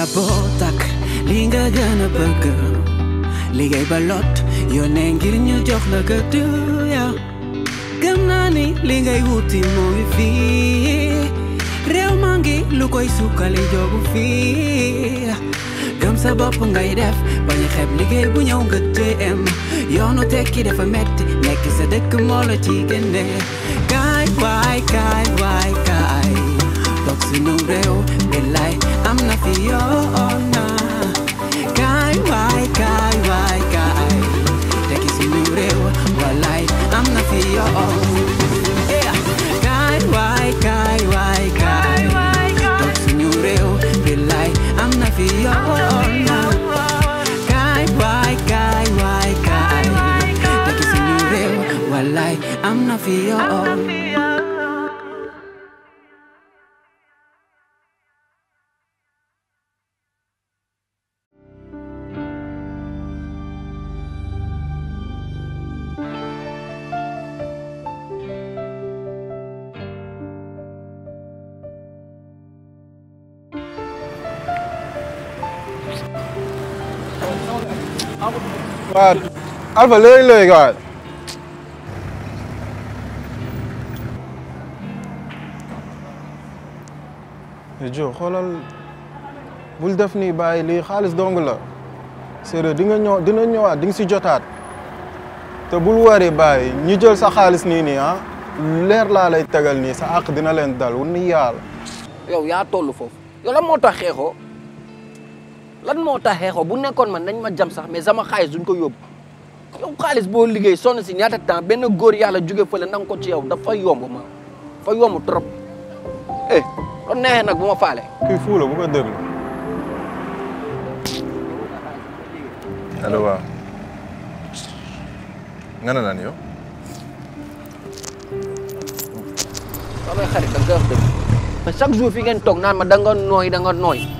Botak, linga gëna bëgg liggéey ba lot yónnee ngir ñu jox la gëdd ya gëm naa ni li ngay wuti mooy fii réew maa ngi lu koy sukkali jogu fii gëm sa bopp ngay def bañ xeeb liggéey bu ñëw nga téem yoonu tekki dafa metti nekk sa dëkk moo la ci génne kaay waay kaay waay kaay toog sunu réew billaay I'm not for you, nah Guy, why, guy, why, guy That is you real, well, like I'm not for you, yeah Guy, why, guy, why, guy That's you real, real like I'm not for you, nah Guy, why, guy, why, guy That is you real, well, like I'm not for your own. God. Alpha Lily, Lily, God. جو xoolal bul def nii bàyyi lii xaalis dong la c'est di nga ñëw dina ñëwaat di nga si jotaat te bul wari bàyyi ñi jël sa xaalis nii nii ah leer laa lay tegal nii sa àq dina leen dal wun ni yàlla yow yaa toll foofu yow lan moo tax xeexoo lan moo taxee ko bu nekkoon man dañ ma jam sax mais sama xaalis duñ ko yóbbu yow xaalis boo liggéey sonn si ñaata temps benn góor yàlla jóge fële nan ko ci yow dafa yomb ma dafa yomb trop eh loolu neexee nag bu ma faale. kii fuu la bu ko déglu. dëgg. ngeen toog naan ma da nga nooy da nooy.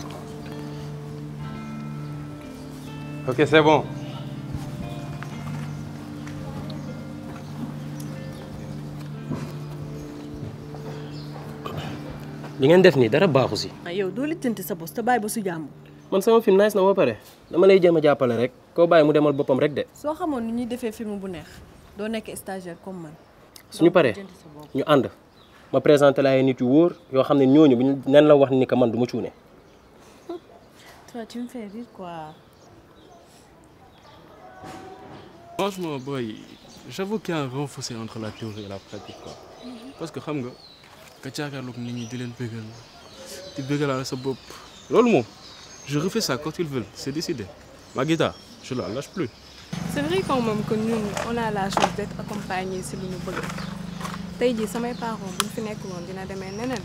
Ok, c'est li ngeen def nii dara baaxu si. Ah, yow doo lijjanti sa bos te bàyyi ba su jàmm. man sama film nice na ba pare dama lay jéem a jàppale rek koo bàyyi mu demal boppam rek de. soo xamoon ni ñuy defee film bu neex doo nekk stagiaire comme man. suñu paree ñu ànd ma présenté la ay nit yu wóor yoo xam ne ñooñu bu ñu la wax ni que man du ma cuune. Franchement, boy, j'avoue qu'il y a un renforcé entre la théorie et la pratique. Quoi. Mhm. Parce que, tu sais, quand tu regardes les gens, tu les Tu bégales à sa bop. je refais ça quand ils veulent, c'est décidé. Ma je la lâche plus. C'est vrai quand même que nous, on a la chance d'être accompagnés si nous voulons. dit jii mes parents bu ñu fi nekk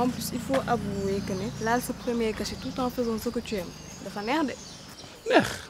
en plus il faut avouer que là, ce premier cachet tout en faisant ce que tu aimes De neex merde. Merde.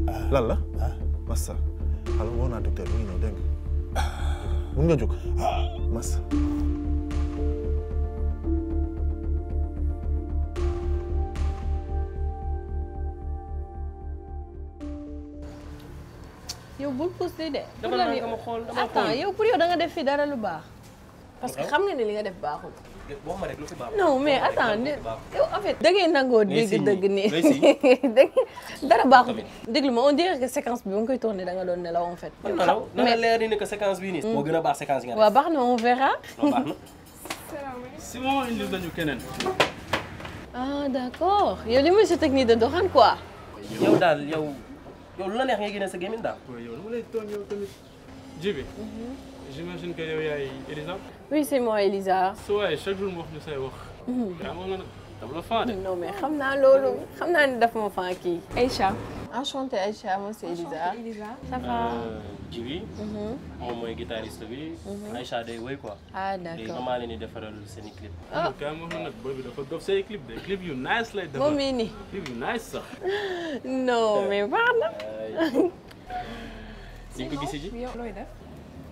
lan la. Massa alors woo naa docteur mi ngi ñëw dégg nga mun nga yow bul pousse de. dama naan dama xool dama attends yow pour yow da def fi dara lu baax. parce que xam nga ne li nga def baaxul. non mais attends yow en fait. da ngay nangoo dégg dëgg nii dara baaxul. déglu ma on dirait que séquence bi ba nga koy tourné da nga doon nelaw en fait. mais na ni que séquence bii nii. moo gën a baax séquence nga def. waaw baax na on verra. baax na. Simon indi nañu keneen. ah d' accord yow li muy sa technique de doxaan ko yow daal yo yow lu la neex ngay sa gémmiñ daal. yow lu ma j'imagine que tu Elisa. oui c'est moi Elisa. ouais chaque jour je je fais un wax. Mhm. non mais Je sais que ma fan Aïcha. enchantée Aïcha moi c'est Elisa. Elisa ça va. Moi, on suis guitariste mhm. Aïcha day quoi. ah d'accord elle est de clip. ah kay moom bi faire clip Le clip est nice là clip nice non mais pas c'est quoi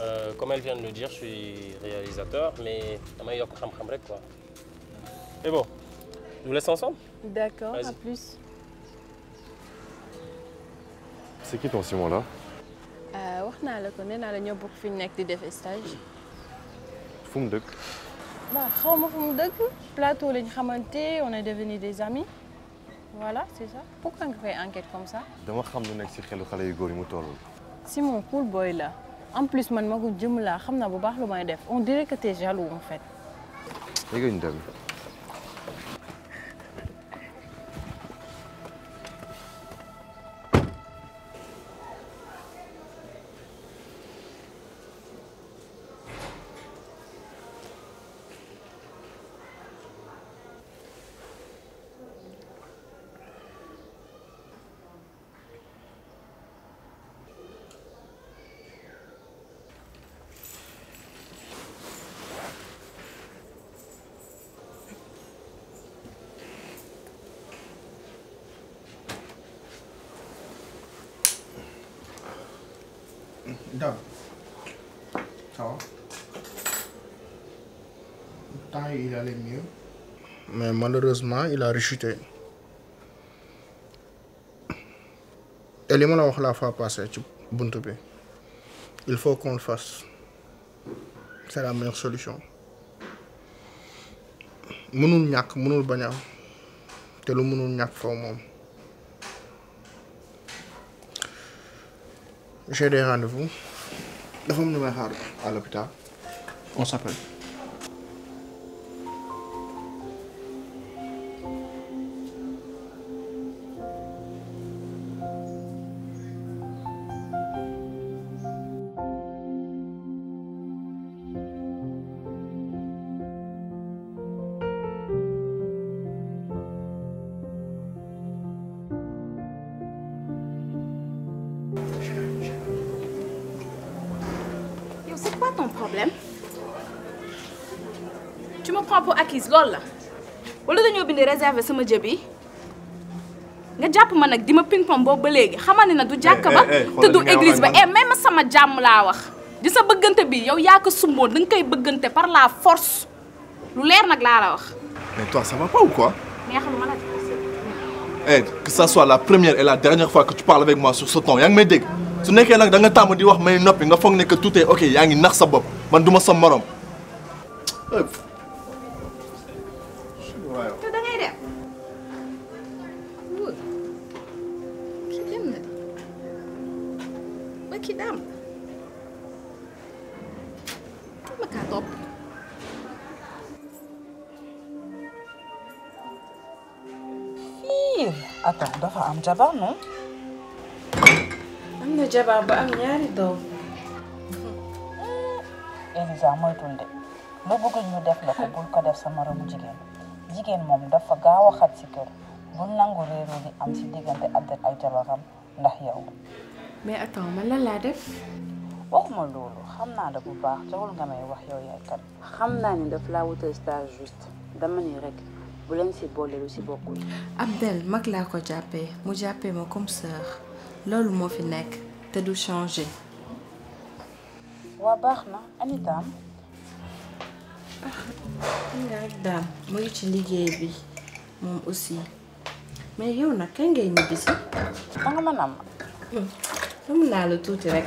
Euh, comme elle vient de le dire, je suis réalisateur, mais la meilleure quoi. Mais bon, je vous laisse ensemble D'accord, à plus. C'est qui ton Simon là euh, wax naa la je nee naa la ñoo bokk fi ñu nekk di def stage. fu mu dëkk. waaw xaw ma plateau lañ on est devenus des amis voilà c'est ça pourquoi nga une enquête comme ça. dama xam lu nekk ci xelu xale yu góor yi mu Simon cool boy là en plus man magu jëm laa xam naa bu baax lu may def on dirait que t'es jaloux en fait. dégg nga Dame.. Ça va temps il allait mieux. Mais malheureusement, il a rechuté. Et les mots la fois passée, tu Il faut qu'on le fasse. C'est la meilleure solution. mënul ñàkk mënul bañ a am te lu mënul ñàkk faw moom j'ai des rendez-vous Nous vais me rendre à l'hôpital on s'appelle comprends pour acquise lol la wala dañu bindé réservé sama jëb nga japp ma nak dima ping pong boobu ba léegi xamal na du jakka ba eh, eh, eh, te du église ba eh même sama jamm la wax di sa bëggante bi yow ya ko sumbo dang kay bëggante par la force lu lèr nak la la wax mais toi ça va pas ou quoi neexaluma la Eh, que ça soit la première et la dernière fois que tu parles avec moi sur ce ton, yang ngi may dégg su nekkee nag da nga tàmm di wax may noppi nga foog que tout est ok yang ngi nax sa bopp man du ma sa morom ma kaa fii attends dafa am jabar noonu am na jabar ba am ñaari doom Elisa moytul de la bëgg ñu def la ko bul ko def sa jigéen jigéen moom dafa gaaw a xat si kër bul nangu réeroo di am si diggante Abdel ak jabaram ndax yow mais attends man lan laa def waxuma loolu xam naa la bu baax joxul nga may wax yow yaay kat xam naa ne daf laa wutal stage juste dama ni rek bu leen si boole lu si bokkul Abdel mag laa ko jàppee mu jàppee ma comme sœur loolu moo fi nekk te du changé waa baax na ani daam ah, nga rek daam mu ngi ci liggéey bi moom aussi mais yow nag kañ ngay ñibbisi danga mën a ma. dama hmm, naa la tuuti rek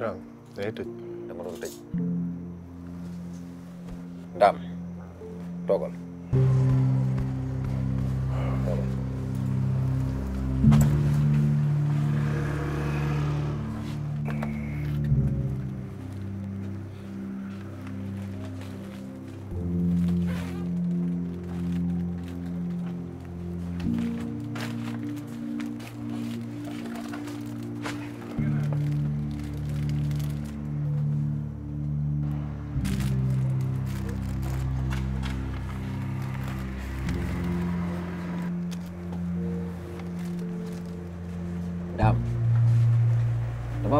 Да, это... Да, может быть. Да. Того.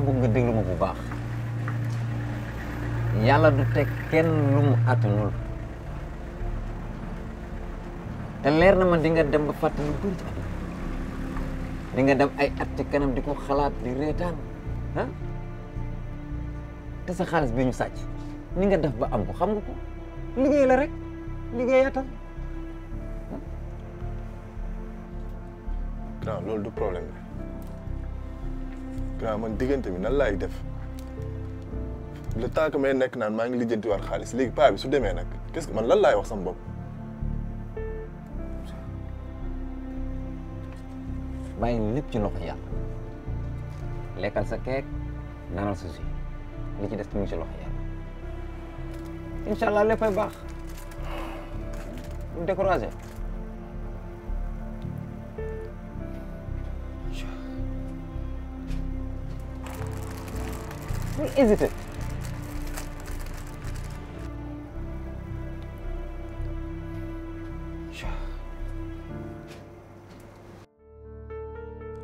bu nga lu ma bu baax yàlla du teg kenn lu mu attanul te leer na ma di nga dem kan ba fàtte lu bëri ci di nga dem ay at ci kanam di ko xalaat di reetaan ah te sa nah, xaalis bi ñu sàcc ni nga def ba am ko xam nga ko liggéey la rek liggéeyaatal non loolu du problème mandigante diggante bi nan laay def le temps que may nekk naan maa ngi lijjanti war xaalis léegi paa bi su demee nag qu'est-ce que man lan laay wax sama bopp. bàyyi lépp ci loxo yàlla lekkal sa keek naanal sa jus li ci des tamit ci loxo yàlla incha allah léppay baax bu découragé. What is it?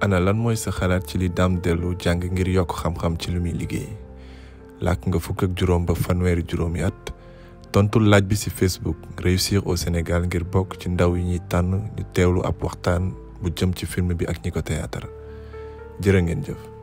ana lan mooy sa xalaat ci li daam dellu jàng ngir yokk xam-xam ci lu muy liggéey làkk nga fukk ak juróom ba fanweeri juróomi at tontul laaj bi si facebook réussir au sénégal ngir bokk ci ndaw yi ñuy tànn ñu teewlu ab waxtaan bu jëm ci film bi ak ñi ko théâtre jërë ngeen jëf